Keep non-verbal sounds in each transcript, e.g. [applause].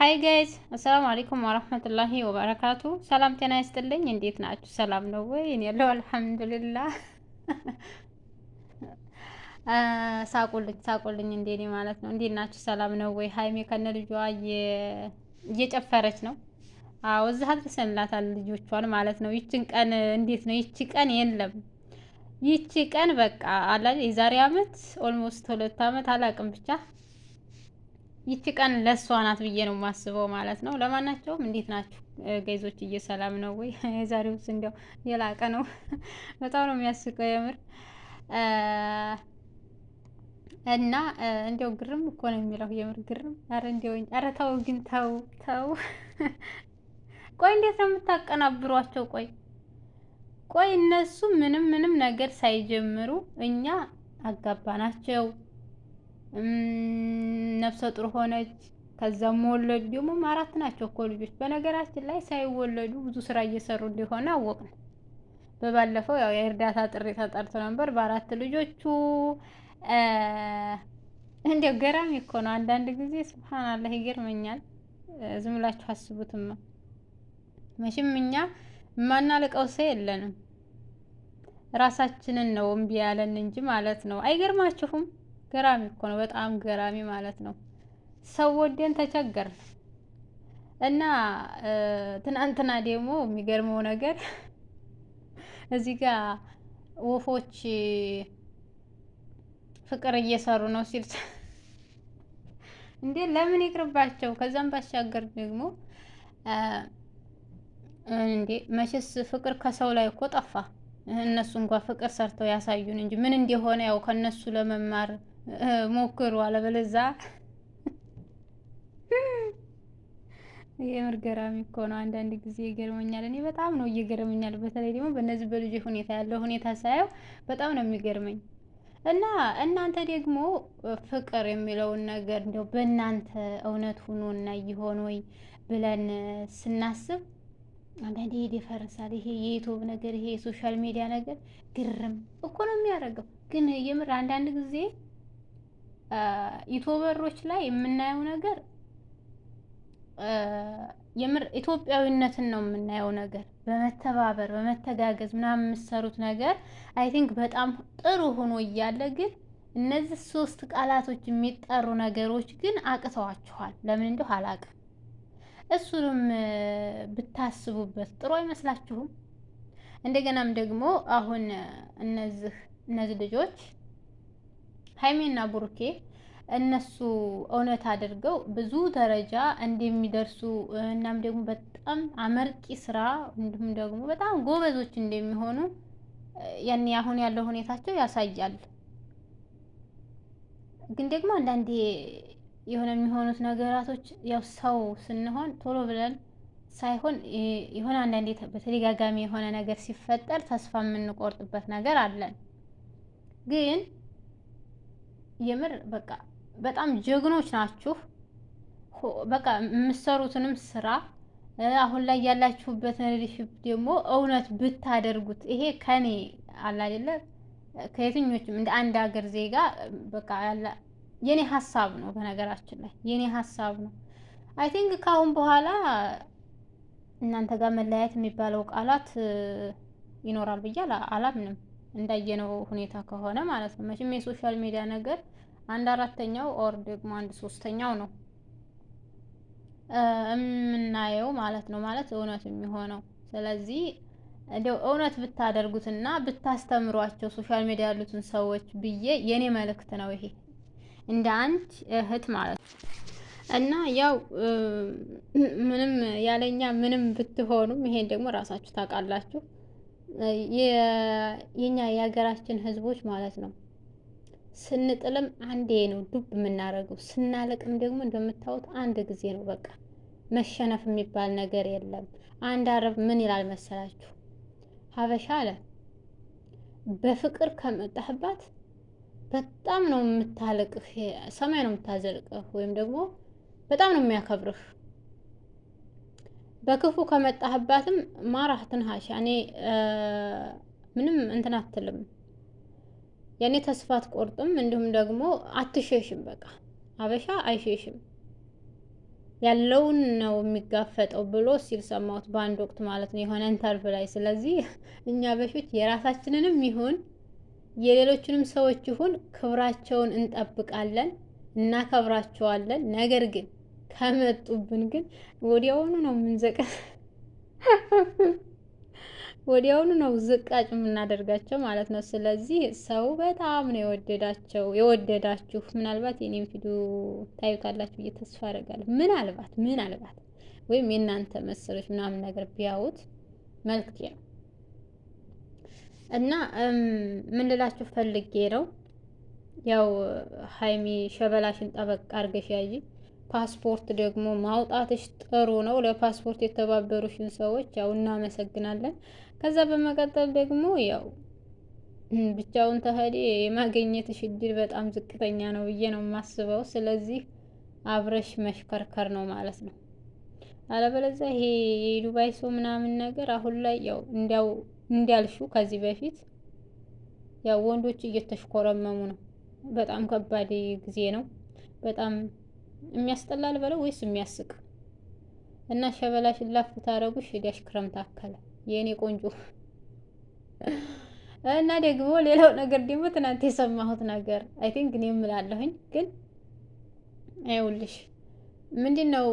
ሀይ ጋይዝ አሰላሙ አለይኩም ወረህመቱላሂ ወበረካቱ። ሰላም ጤና ይስጥልኝ። እንዴት ናችሁ? ሰላም ነው ወይ? እኔ ያለው አልሐምዱሊላህ። ሳቁልኝ ሳቁልኝ፣ እንደኔ ማለት ነው። እንዴት ናችሁ? ሰላም ነው ወይ? ሀይሜ ከነ ልጇ እየጨፈረች ነው። አዎ እዚህ አድርሰንላታል ልጆቿን ማለት ነው። ይችን ቀን እንዴት ነው? ይቺ ቀን የለም ይቺ ቀን በቃ አላ የዛሬ አመት ኦልሞስት ሁለት አመት አላቅም ብቻ ይቺ ቀን ለእሷ ናት ብዬ ነው የማስበው ማለት ነው። ለማናቸውም እንዴት ናችሁ ገይዞች? እየሰላም ነው ወይ? [laughs] የዛሬውስ እንዲያው የላቀ ነው። [laughs] በጣም ነው የሚያስቀው የምር እና እንዲያው ግርም እኮ ነው የሚለው የምር ግርም። አረ እንዲያው አረ ተው ግን ተው ተው። [laughs] ቆይ እንዴት ነው የምታቀናብሯቸው? ቆይ ቆይ እነሱ ምንም ምንም ነገር ሳይጀምሩ እኛ አጋባ ናቸው ነፍሰ ጡር ሆነች። ከዛም ወለዱ። ደግሞ አራት ናቸው እኮ ልጆች። በነገራችን ላይ ሳይወለዱ ብዙ ስራ እየሰሩ እንደሆነ አወቅን። በባለፈው ያው የእርዳታ ጥሪ ተጠርቶ ነበር በአራት ልጆቹ። እንዲያው ገራሚ እኮ ነው አንዳንድ ጊዜ ስብሓናላህ፣ ይገርመኛል። ዝም ብላችሁ አስቡትማ። መቼም እኛ የማናልቀው ሰው የለንም። ራሳችንን ነው እምቢ ያለን እንጂ ማለት ነው። አይገርማችሁም? ገራሚ እኮ ነው፣ በጣም ገራሚ ማለት ነው። ሰው ወደን ተቸገር እና ትናንትና ደግሞ የሚገርመው ነገር [laughs] እዚህ ጋር ወፎች ፍቅር እየሰሩ ነው ሲል እንዴ ለምን ይቅርባቸው። ከዛም ባሻገር ደግሞ እንዴ መቼስ ፍቅር ከሰው ላይ እኮ ጠፋ። እነሱ እንኳ ፍቅር ሰርተው ያሳዩን እንጂ ምን እንደሆነ ያው ከነሱ ለመማር ሞክሩ፣ አለበለዛ የምር ገራሚ እኮ ነው። አንዳንድ ጊዜ ይገርመኛል። እኔ በጣም ነው እየገረመኛል። በተለይ ደግሞ በእነዚህ በልጅ ሁኔታ ያለው ሁኔታ ሳየው በጣም ነው የሚገርመኝ። እና እናንተ ደግሞ ፍቅር የሚለውን ነገር እንደው በእናንተ እውነት ሁኖ እና ይሆን ወይ ብለን ስናስብ አንዳንዴ ይሄ ይፈርሳል። ይሄ የዩቱብ ነገር፣ ይሄ የሶሻል ሚዲያ ነገር ግርም እኮ ነው የሚያደርገው። ግን የምር አንዳንድ ጊዜ ዩቱበሮች ላይ የምናየው ነገር የምር ኢትዮጵያዊነትን ነው የምናየው ነገር በመተባበር በመተጋገዝ ምናምን የምሰሩት ነገር አይ ቲንክ በጣም ጥሩ ሆኖ እያለ ግን እነዚህ ሶስት ቃላቶች የሚጠሩ ነገሮች ግን አቅተዋችኋል። ለምን እንደው አላቅም። እሱንም ብታስቡበት ጥሩ አይመስላችሁም? እንደገናም ደግሞ አሁን እነዚህ እነዚህ ልጆች ሀይሜና ቡርኬ እነሱ እውነት አድርገው ብዙ ደረጃ እንደሚደርሱ እናም ደግሞ በጣም አመርቂ ስራ እንዲሁም ደግሞ በጣም ጎበዞች እንደሚሆኑ ያኔ አሁን ያለው ሁኔታቸው ያሳያል። ግን ደግሞ አንዳንዴ የሆነ የሚሆኑት ነገራቶች ያው ሰው ስንሆን ቶሎ ብለን ሳይሆን የሆነ አንዳንዴ በተደጋጋሚ የሆነ ነገር ሲፈጠር ተስፋ የምንቆርጥበት ነገር አለን ግን የምር በቃ በጣም ጀግኖች ናችሁ። በቃ የምሰሩትንም ስራ አሁን ላይ ያላችሁበት ሪሌሽንሽፕ ደግሞ እውነት ብታደርጉት ይሄ ከኔ አለ ከየትኞችም እንደ አንድ ሀገር ዜጋ በቃ ያለ የኔ ሀሳብ ነው። በነገራችን ላይ የኔ ሀሳብ ነው። አይ ቲንክ ከአሁን በኋላ እናንተ ጋር መለያየት የሚባለው ቃላት ይኖራል ብዬ አላምንም። እንዳየነው ሁኔታ ከሆነ ማለት ነው። መቼም የሶሻል ሚዲያ ነገር አንድ አራተኛው ኦር ደግሞ አንድ ሶስተኛው ነው የምናየው ማለት ነው ማለት እውነት የሚሆነው ስለዚህ እንደው እውነት ብታደርጉትና ብታስተምሯቸው ሶሻል ሚዲያ ያሉትን ሰዎች ብዬ የኔ መልእክት ነው ይሄ እንደ አንድ እህት ማለት ነው። እና ያው ምንም ያለኛ ምንም ብትሆኑም ይሄን ደግሞ ራሳችሁ ታውቃላችሁ። የኛ የሀገራችን ህዝቦች ማለት ነው። ስንጥልም አንዴ ነው ዱብ የምናደርገው፣ ስናለቅም ደግሞ እንደምታዩት አንድ ጊዜ ነው። በቃ መሸነፍ የሚባል ነገር የለም። አንድ አረብ ምን ይላል መሰላችሁ? ሀበሻ አለ በፍቅር ከመጣህባት በጣም ነው የምታለቅህ፣ ሰማይ ነው የምታዘልቅህ፣ ወይም ደግሞ በጣም ነው የሚያከብርህ በክፉ ከመጣህባትም ማራህ ትንሃሽ ያኔ ምንም እንትን አትልም። ያኔ ተስፋት ቆርጥም እንዲሁም ደግሞ አትሸሽም። በቃ አበሻ አይሸሽም፣ ያለውን ነው የሚጋፈጠው ብሎ ሲል ሰማሁት በአንድ ወቅት ማለት ነው የሆነ ኢንተርቪው ላይ። ስለዚህ እኛ አበሾች የራሳችንንም ይሁን የሌሎችንም ሰዎች ይሁን ክብራቸውን እንጠብቃለን፣ እናከብራቸዋለን ነገር ግን ከመጡብን ግን ወዲያውኑ ነው የምንዘቀ [laughs] ወዲያውኑ ነው ዝቃጭ የምናደርጋቸው ማለት ነው። ስለዚህ ሰው በጣም ነው የወደዳቸው የወደዳችሁ። ምናልባት የኔም ቪዲዮ ታዩታላችሁ ብዬ ተስፋ አደርጋለሁ። ምናልባት ምናልባት ወይም የእናንተ መሰሎች ምናምን ነገር ቢያዩት መልክቴ ነው እና ምን ልላችሁ ፈልጌ ነው ያው ሀይሚ ሸበላሽን ጠበቅ አድርገሽ ያዥ ፓስፖርት ደግሞ ማውጣትሽ ጥሩ ነው። ለፓስፖርት የተባበሩሽን ሰዎች ያው እናመሰግናለን። ከዛ በመቀጠል ደግሞ ያው ብቻውን ተህዲ የማገኘትሽ እድል በጣም ዝቅተኛ ነው ብዬ ነው የማስበው። ስለዚህ አብረሽ መሽከርከር ነው ማለት ነው። አለበለዚያ ይሄ የዱባይ ሰው ምናምን ነገር አሁን ላይ ያው እንዲያው እንዲያልሹ ከዚህ በፊት ያው ወንዶች እየተሽኮረመሙ ነው። በጣም ከባድ ጊዜ ነው። በጣም የሚያስጠላ ልበለው ወይስ የሚያስቅ? እና ሸበላሽ ላፍ ታረጉሽ ሄዳሽ ክረምት አከለ የእኔ ቆንጆ። እና ደግሞ ሌላው ነገር ደግሞ ትናንት የሰማሁት ነገር አይ ቲንክ እኔ እምላለሁኝ ግን አይውልሽ ምንድን ነው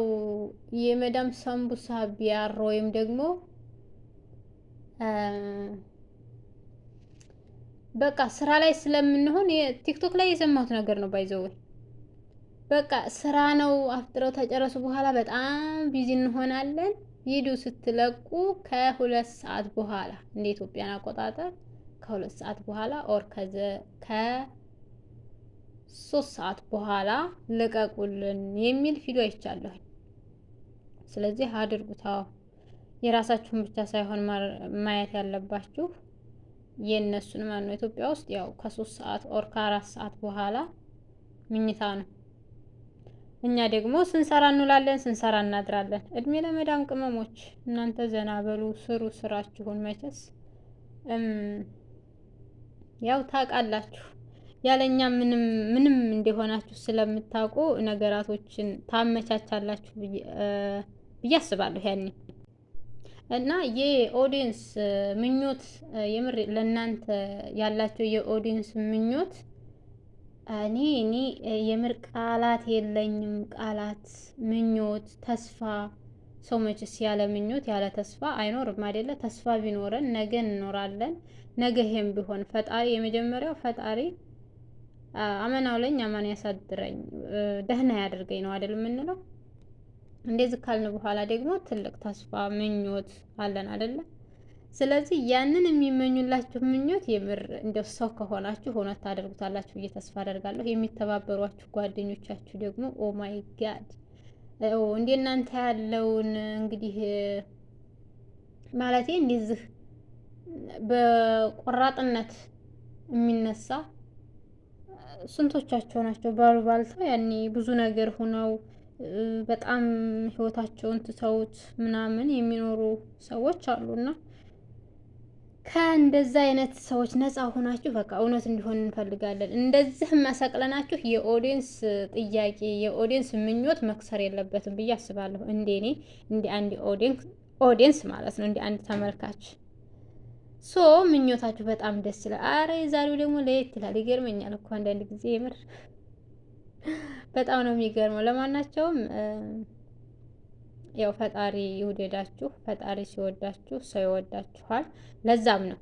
የመዳም ሳምቡሳ ቢያሮ ወይም ደግሞ በቃ ስራ ላይ ስለምንሆን ቲክቶክ ላይ የሰማሁት ነገር ነው ባይዘወይ በቃ ስራ ነው። አፍጥረው ተጨረሱ በኋላ በጣም ቢዚ እንሆናለን። ቪዲዮ ስትለቁ ከሁለት ሰዓት በኋላ እንደ ኢትዮጵያን አቆጣጠር ከሁለት ሰዓት በኋላ ኦር ከዘ ከሶስት ሰዓት በኋላ ልቀቁልን የሚል ቪዲዮ አይቻለሁኝ። ስለዚህ አድርጉታው። የራሳችሁን ብቻ ሳይሆን ማየት ያለባችሁ የእነሱን ማን ነው። ኢትዮጵያ ውስጥ ያው ከሶስት ሰዓት ኦር ከአራት ሰዓት በኋላ ምኝታ ነው። እኛ ደግሞ ስንሰራ እንውላለን፣ ስንሰራ እናድራለን። እድሜ ለመዳም ቅመሞች እናንተ ዘና በሉ፣ ስሩ ስራችሁን። መቼስ ያው ታውቃላችሁ ያለኛ ምንም ምንም እንደሆናችሁ ስለምታውቁ ነገራቶችን ታመቻቻላችሁ ብዬ አስባለሁ። ያኔ እና የኦዲንስ ምኞት የምር ለእናንተ ያላቸው የኦዲየንስ ምኞት እኔ እኔ የምር ቃላት የለኝም። ቃላት ምኞት፣ ተስፋ ሰው መችስ ያለ ምኞት ያለ ተስፋ አይኖርም አይደለ? ተስፋ ቢኖረን ነገ እንኖራለን። ነገ ይሄም ቢሆን ፈጣሪ የመጀመሪያው ፈጣሪ አመናው ለኝ አማን ያሳድረኝ ደህና ያደርገኝ ነው አይደል የምንለው። እንደዚህ ካልን በኋላ ደግሞ ትልቅ ተስፋ ምኞት አለን አይደለም። ስለዚህ ያንን የሚመኙላችሁ ምኞት የምር እንደው ሰው ከሆናችሁ እውነት ታደርጉታላችሁ ብዬ ተስፋ አደርጋለሁ። የሚተባበሯችሁ ጓደኞቻችሁ ደግሞ ኦ ማይ ጋድ እንደ እናንተ ያለውን እንግዲህ ማለት እንደዚህ በቆራጥነት የሚነሳ ስንቶቻቸው ናቸው ባሉባልተው ያኔ ብዙ ነገር ሆነው በጣም ህይወታቸውን ትተውት ምናምን የሚኖሩ ሰዎች አሉና ከእንደዛ አይነት ሰዎች ነፃ ሆናችሁ በቃ እውነት እንዲሆን እንፈልጋለን። እንደዚህ መሰቅለናችሁ የኦዲየንስ ጥያቄ፣ የኦዲየንስ ምኞት መክሰር የለበትም ብዬ አስባለሁ። እንዴ እኔ እንደ አንድ ኦዲየንስ ማለት ነው እንደ አንድ ተመልካች ሶ ምኞታችሁ በጣም ደስ ይላል። አረ የዛሬው ደግሞ ለየት ይላል። ይገርመኛል እኮ አንዳንድ ጊዜ የምር በጣም ነው የሚገርመው። ለማናቸውም ያው ፈጣሪ ይውደዳችሁ። ፈጣሪ ሲወዳችሁ ሰው ይወዳችኋል። ለዛም ነው